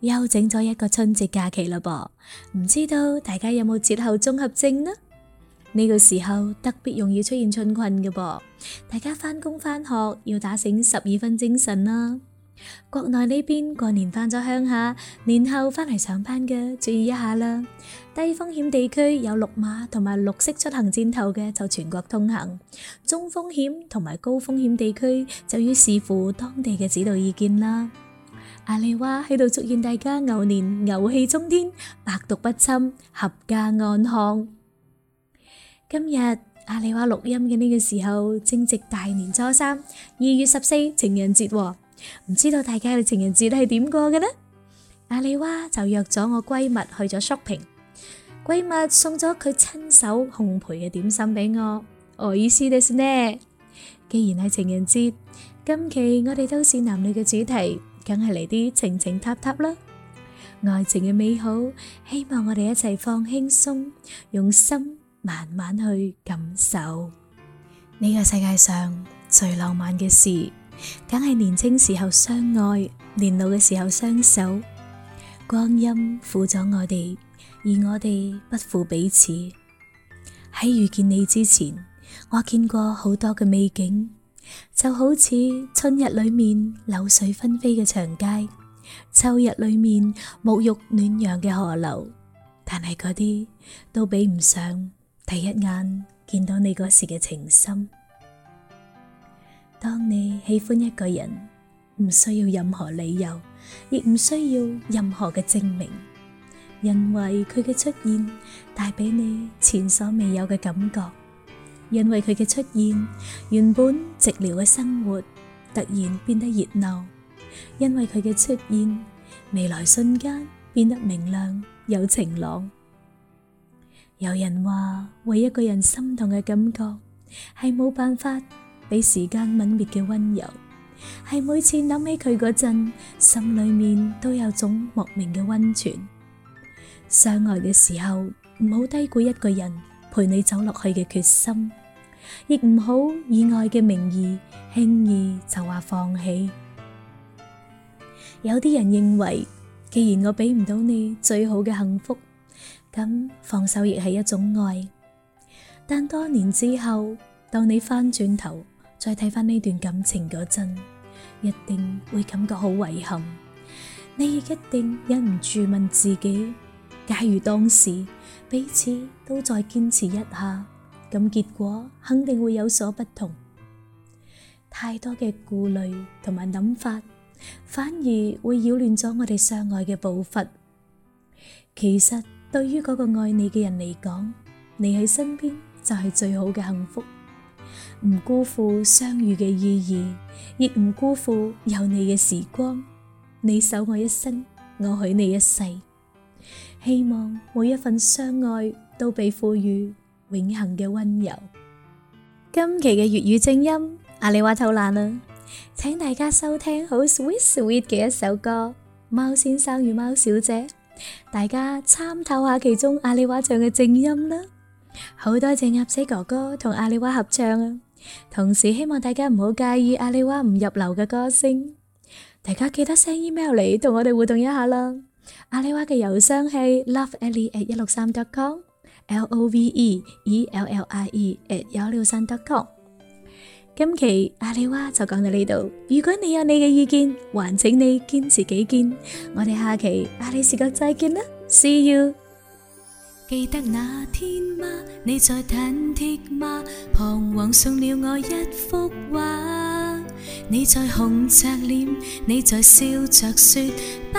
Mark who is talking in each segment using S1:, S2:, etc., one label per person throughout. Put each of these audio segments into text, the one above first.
S1: 又整咗一個春節假期啦噃，唔知道大家有冇節後綜合症呢？呢個時候特別容易出現春困嘅噃，大家返工返學要打醒十二分精神啦。國內呢邊過年返咗鄉下，年後翻嚟上班嘅，注意一下啦。低風險地區有綠碼同埋綠色出行箭頭嘅就全國通行，中風險同埋高風險地區就要視乎當地嘅指導意見啦。阿里娃喺度祝願大家牛年牛氣沖天，百毒不侵，合家安康。今日阿里娃錄音嘅呢個時候正值大年初三，二月十四情人節，唔知道大家嘅情人節係點過嘅呢？阿里娃就約咗我閨蜜去咗 shopping，閨蜜送咗佢親手烘焙嘅點心俾我，我意思呢，既然係情人節，今期我哋都市男女嘅主題。梗係嚟啲情情塔塔啦，愛情嘅美好，希望我哋一齊放輕鬆，用心慢慢去感受。呢個世界上最浪漫嘅事，梗係年輕時候相愛，年老嘅時候相守。光陰負咗我哋，而我哋不負彼此。喺遇見你之前，我見過好多嘅美景。就好似春日裏面柳絮紛飛嘅長街，秋日裏面沐浴暖陽嘅河流，但係嗰啲都比唔上第一眼見到你嗰時嘅情深。當你喜歡一個人，唔需要任何理由，亦唔需要任何嘅證明，因為佢嘅出現帶俾你前所未有嘅感覺。因為佢嘅出現，原本寂寥嘅生活突然變得熱鬧；因為佢嘅出現，未來瞬間變得明亮又晴朗。有人話為一個人心動嘅感覺係冇辦法俾時間泯滅嘅温柔，係每次諗起佢嗰陣，心裏面都有種莫名嘅温泉。相愛嘅時候唔好低估一個人陪你走落去嘅決心。亦唔好以愛嘅名義輕易就話放棄。有啲人認為，既然我俾唔到你最好嘅幸福，咁放手亦係一種愛。但多年之後，當你翻轉頭再睇翻呢段感情嗰陣，一定會感覺好遺憾。你亦一定忍唔住問自己：假如當時彼此都再堅持一下。咁結果肯定會有所不同。太多嘅顧慮同埋諗法，反而會擾亂咗我哋相愛嘅步伐。其實對於嗰個愛你嘅人嚟講，你喺身邊就係最好嘅幸福。唔辜負相遇嘅意義，亦唔辜負有你嘅時光。你守我一生，我許你一世。希望每一份相愛都被賦予永恆嘅溫柔。今期嘅粵語正音，阿里娃偷懶啦，請大家收聽好 Sweet Sweet 嘅一首歌《貓先生與貓小姐》，大家參透下其中阿里娃唱嘅正音啦。好多謝鴨仔哥哥同阿里娃合唱啊！同時希望大家唔好介意阿里娃唔入流嘅歌聲，大家記得 send email 嚟同我哋互動一下啦。阿里娃嘅郵箱係 loveali@163.com。L O V E E L L I E at 163. com。今期阿里娃就講到呢度。如果你有你嘅意見，還請你堅持己見。我哋下期阿里視角再見啦。See you。記得那天嗎？你在忐忑嗎？彷徨送了我一幅畫。你在紅着臉，你在笑着說不。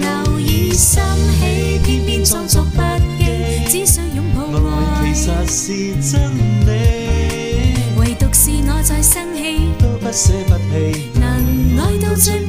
S2: 留意生氣，偏偏裝作不記，只想擁抱愛。其實是真理。唯獨是我再生氣，都不捨不棄，能愛到最。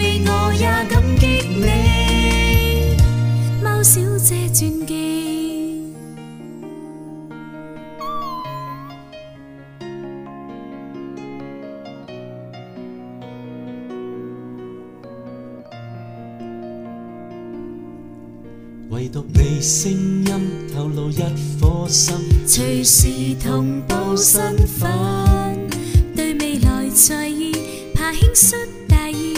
S2: 唯獨你聲音透露一顆心，隨時同步身份，
S1: 嗯、對未來在意，怕輕率大意，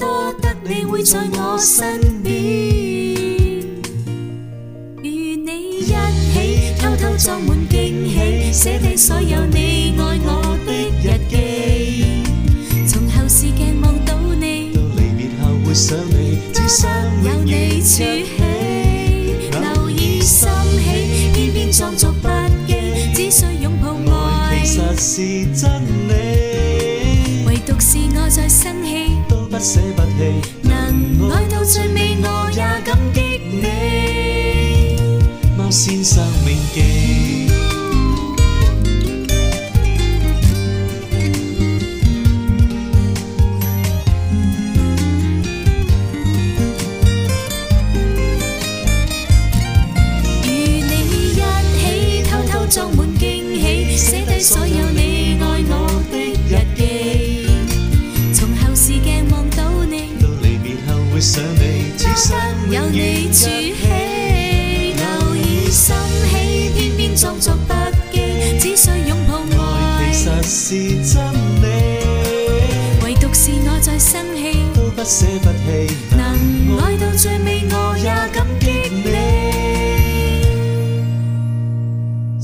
S1: 多得你會在我身邊，
S2: 與你一起偷偷裝滿驚喜，寫低起所有你。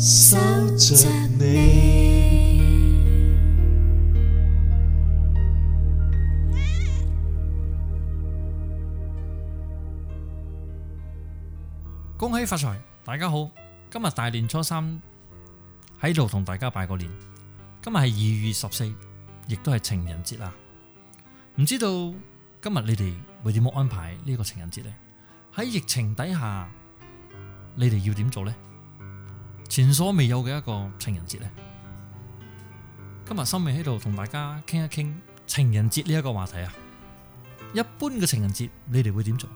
S2: 守着你。
S3: 恭喜發財！大家好，今日大年初三喺度同大家拜個年。今日係二月十四，亦都係情人節啦。唔知道今日你哋會點樣安排呢個情人節呢？喺疫情底下，你哋要點做呢？前所未有嘅一個情人節咧，今日森美喺度同大家傾一傾情人節呢一個話題啊。一般嘅情人節，你哋會點做？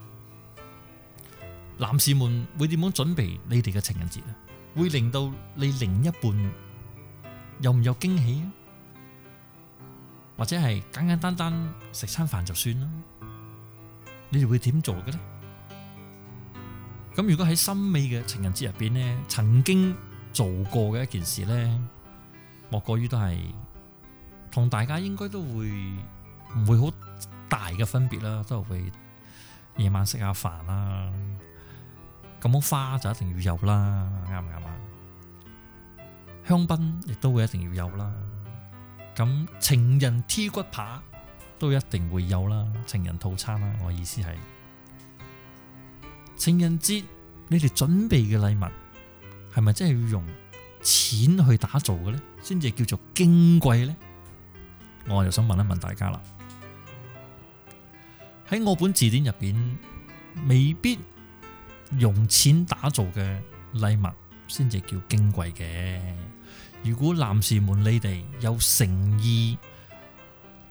S3: 男士們會點樣準備你哋嘅情人節啊？會令到你另一半有唔有驚喜啊？或者係簡簡單單食餐飯就算啦？你哋會點做嘅呢？咁如果喺森美嘅情人節入邊呢，曾經做過嘅一件事呢，莫過於都係同大家應該都會唔會好大嘅分別啦，都會夜晚食下飯啦，咁花就一定要有啦，啱唔啱啊？香檳亦都會一定要有啦，咁情人 T 骨扒都一定會有啦，情人套餐啦，我意思係。情人節你哋準備嘅禮物係咪真係要用錢去打造嘅咧？先至叫做矜貴咧？我又想問一問大家啦，喺我本字典入邊，未必用錢打造嘅禮物先至叫矜貴嘅。如果男士們你哋有誠意，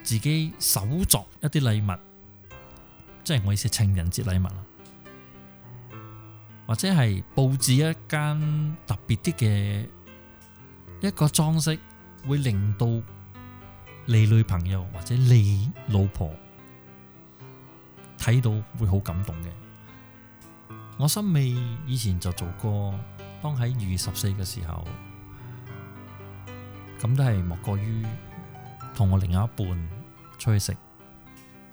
S3: 自己手作一啲禮物，即係我意思，情人節禮物啦。或者係布置一間特別啲嘅一個裝飾，會令到你女朋友或者你老婆睇到會好感動嘅。我森美以前就做過，當喺二月十四嘅時候，咁都係莫過於同我另外一半出去食，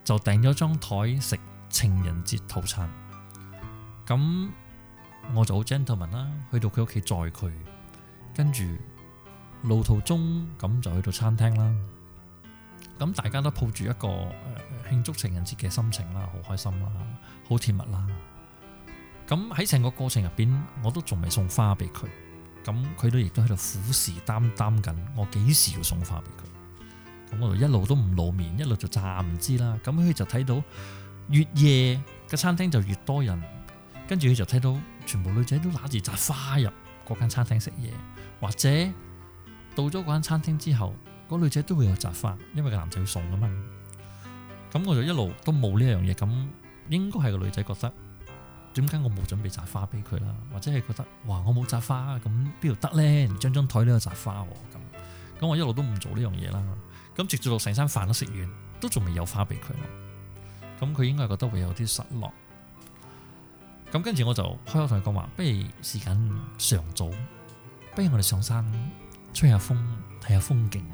S3: 就訂咗張台食情人節套餐，咁。我就好 gentleman 啦，去到佢屋企載佢，跟住路途中咁就去到餐廳啦。咁大家都抱住一個誒、呃、慶祝情人節嘅心情啦，好開心啦，好甜蜜啦。咁喺成個過程入邊，我都仲未送花俾佢，咁佢都亦都喺度虎視眈眈緊，我幾時要送花俾佢。咁我就一路都唔露面，一路就詐唔知啦。咁佢就睇到越夜嘅餐廳就越多人，跟住佢就睇到。全部女仔都拿住扎花入嗰間餐廳食嘢，或者到咗嗰間餐廳之後，嗰女仔都會有扎花，因為個男仔會送噶嘛。咁我就一路都冇呢一樣嘢，咁應該係個女仔覺得，點解我冇準備紮花俾佢啦？或者係覺得，哇，我冇紮花，咁邊度得咧？張張台都有扎花，咁咁我一路都唔做呢樣嘢啦。咁直接到成餐飯都食完，都仲未有花俾佢，咁佢應該係覺得會有啲失落。咁跟住我就開口同佢講話，不如時間尚早，不如我哋上山吹下風睇下風景。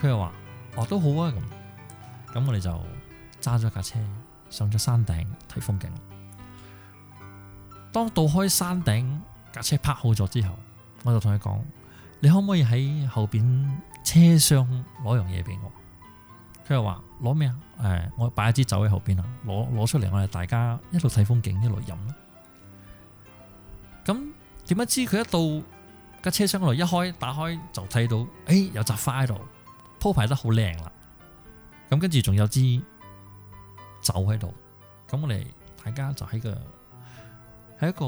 S3: 佢又話哦，都好啊，咁，咁我哋就揸咗架車上咗山頂睇風景。當到開山頂架車泊好咗之後，我就同佢講：你可唔可以喺後邊車廂攞樣嘢俾我？即係話攞咩啊？誒、哎，我擺一支酒喺後邊啊，攞攞出嚟，我哋大家一路睇風景，一路飲啦。咁點不知佢一到架車廂內一開打開就睇到，誒、哎，有扎花喺度，鋪排得好靚啦。咁跟住仲有支酒喺度，咁我哋大家就喺個喺一個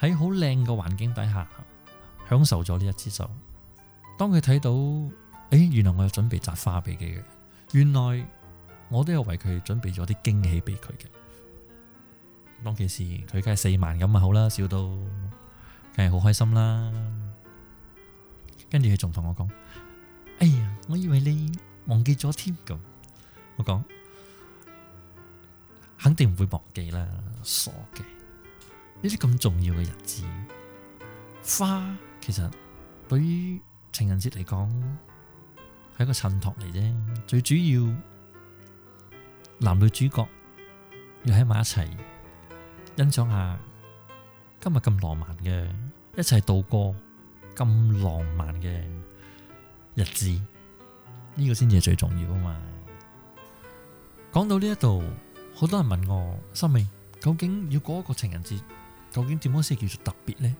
S3: 喺好靚嘅環境底下享受咗呢一支酒。當佢睇到，誒、哎，原來我有準備紮花俾佢。原來我都有為佢準備咗啲驚喜俾佢嘅，當其時佢梗係四萬咁啊好啦，笑到梗係好開心啦。跟住佢仲同我講：哎呀，我以為你忘記咗添。咁我講，肯定唔會忘記啦，傻嘅！呢啲咁重要嘅日子，花其實對於情人節嚟講。係一個襯托嚟啫，最主要男女主角要喺埋一齊，欣賞下今日咁浪漫嘅，一齊度過咁浪漫嘅日子，呢個先至係最重要啊嘛！講到呢一度，好多人問我，「森美，究竟要過一個情人節，究竟點樣先叫做特別呢？」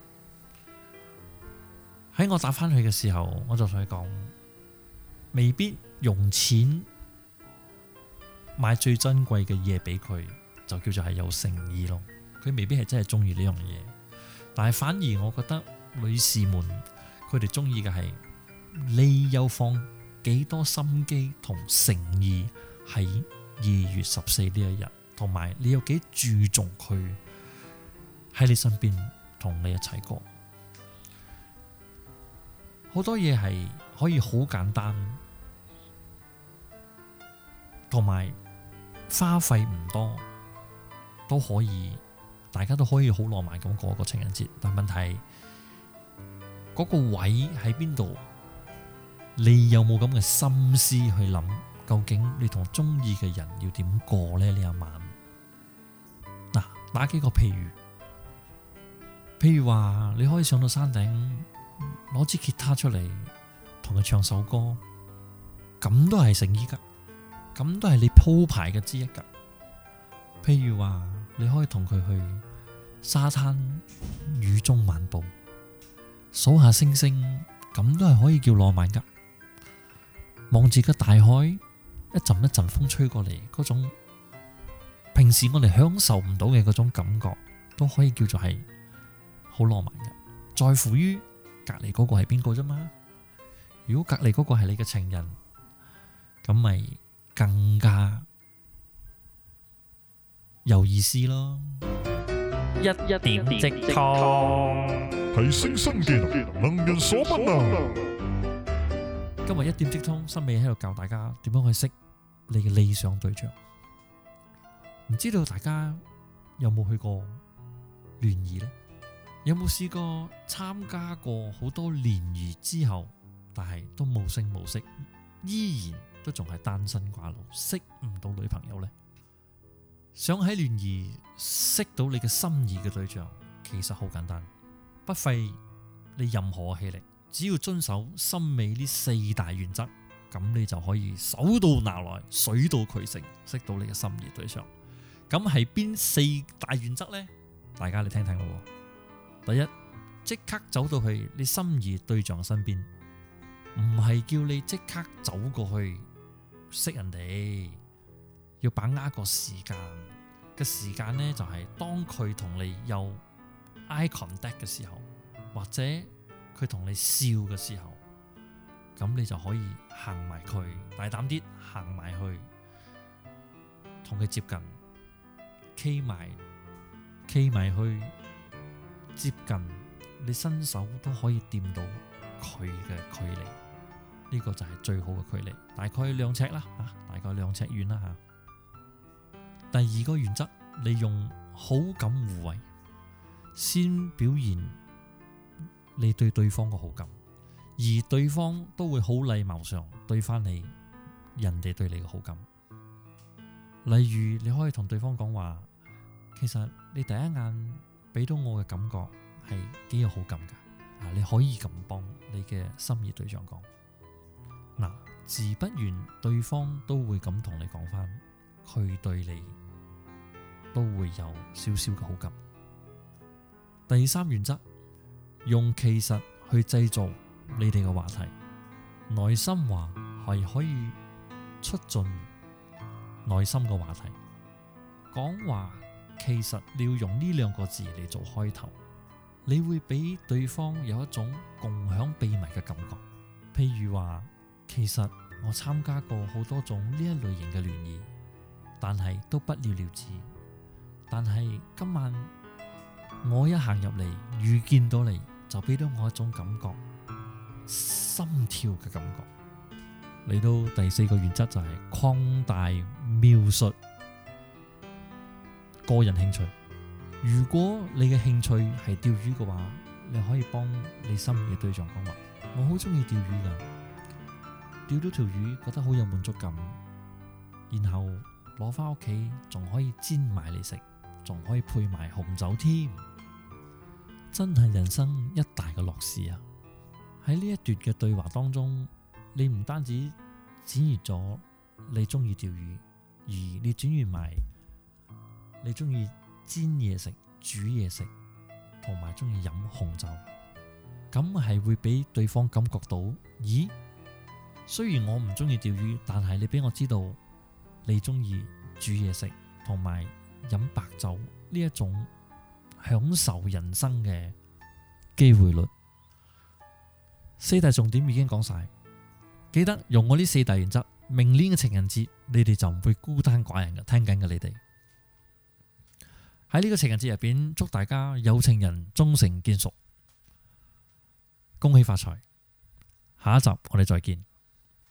S3: 喺我打翻去嘅時候，我就同佢講。未必用錢買最珍貴嘅嘢俾佢，就叫做係有誠意咯。佢未必係真係中意呢樣嘢，但係反而我覺得女士們，佢哋中意嘅係你有放幾多心機同誠意喺二月十四呢一日，同埋你有幾注重佢喺你身邊同你一齊過。好多嘢係可以好簡單。同埋花費唔多都可以，大家都可以好浪漫咁過個情人節。但問題嗰個位喺邊度？你有冇咁嘅心思去諗？究竟你同中意嘅人要點過呢？呢一晚嗱，打幾個譬如，譬如話你可以上到山頂，攞支吉他出嚟同佢唱首歌，咁都係誠意噶。咁都係你鋪排嘅之一噶。譬如話，你可以同佢去沙灘雨中漫步，數下星星，咁都係可以叫浪漫噶。望住個大海，一陣一陣風吹過嚟，嗰種平時我哋享受唔到嘅嗰種感覺，都可以叫做係好浪漫噶。在乎於隔籬嗰個係邊個啫嘛。如果隔籬嗰個係你嘅情人，咁咪。更加有意思咯！一一點即通
S2: 係星身傑，能人
S3: 所不能。今日一點即通，森美喺度教大家點樣去識你嘅理想對象。唔知道大家有冇去過聯誼呢？有冇試過參加過好多聯誼之後，但係都無聲無息，依然。都仲係單身寡佬，識唔到女朋友呢？想喺聯誼識到你嘅心儀嘅對象，其實好簡單，不費你任何氣力，只要遵守森美呢四大原則，咁你就可以手到拿來，水到渠成識到你嘅心儀對象。咁係邊四大原則呢？大家嚟聽聽咯。第一，即刻走到去你心儀對象身邊，唔係叫你即刻走過去。識人哋，要把握個時間。嘅時間呢，就係當佢同你有 icon 搭嘅時候，或者佢同你笑嘅時候，咁你就可以行埋佢，大膽啲行埋去，同佢接近，企埋，企埋去接近，你伸手都可以掂到佢嘅距離。呢個就係最好嘅距離，大概兩尺啦，吓，大概兩尺遠啦，吓。第二個原則，你用好感互惠，先表現你對對方嘅好感，而對方都會好禮貌上對翻你人哋對你嘅好感。例如你可以同對,對方講話，其實你第一眼俾到我嘅感覺係幾有好感噶，啊，你可以咁幫你嘅心儀對象講。嗱，自不然，對方都會咁同你講返，佢對你都會有少少嘅好感。第三原則，用其實去製造你哋嘅話題，內心話係可以促進內心嘅話題。講話其實你要用呢兩個字嚟做開頭，你會俾對方有一種共享秘密嘅感覺。譬如話。其實我參加過好多種呢一類型嘅聯誼，但係都不了了之。但係今晚我一行入嚟遇見到你，就俾到我一種感覺，心跳嘅感覺。嚟到第四個原則就係擴大描述個人興趣。如果你嘅興趣係釣魚嘅話，你可以幫你心儀嘅對象講話：我好中意釣魚噶。釣到條魚，覺得好有滿足感，然後攞翻屋企，仲可以煎埋嚟食，仲可以配埋紅酒添，真係人生一大嘅樂事啊！喺呢一段嘅對話當中，你唔單止展現咗你中意釣魚，而你展現埋你中意煎嘢食、煮嘢食，同埋中意飲紅酒，咁係會俾對方感覺到，咦？雖然我唔中意釣魚，但係你俾我知道你中意煮嘢食同埋飲白酒呢一種享受人生嘅機會率。四大重點已經講晒，記得用我呢四大原則。明年嘅情人節，你哋就唔會孤單寡人嘅。聽緊嘅你哋喺呢個情人節入邊，祝大家有情人終成眷屬，恭喜發財。下一集我哋再見。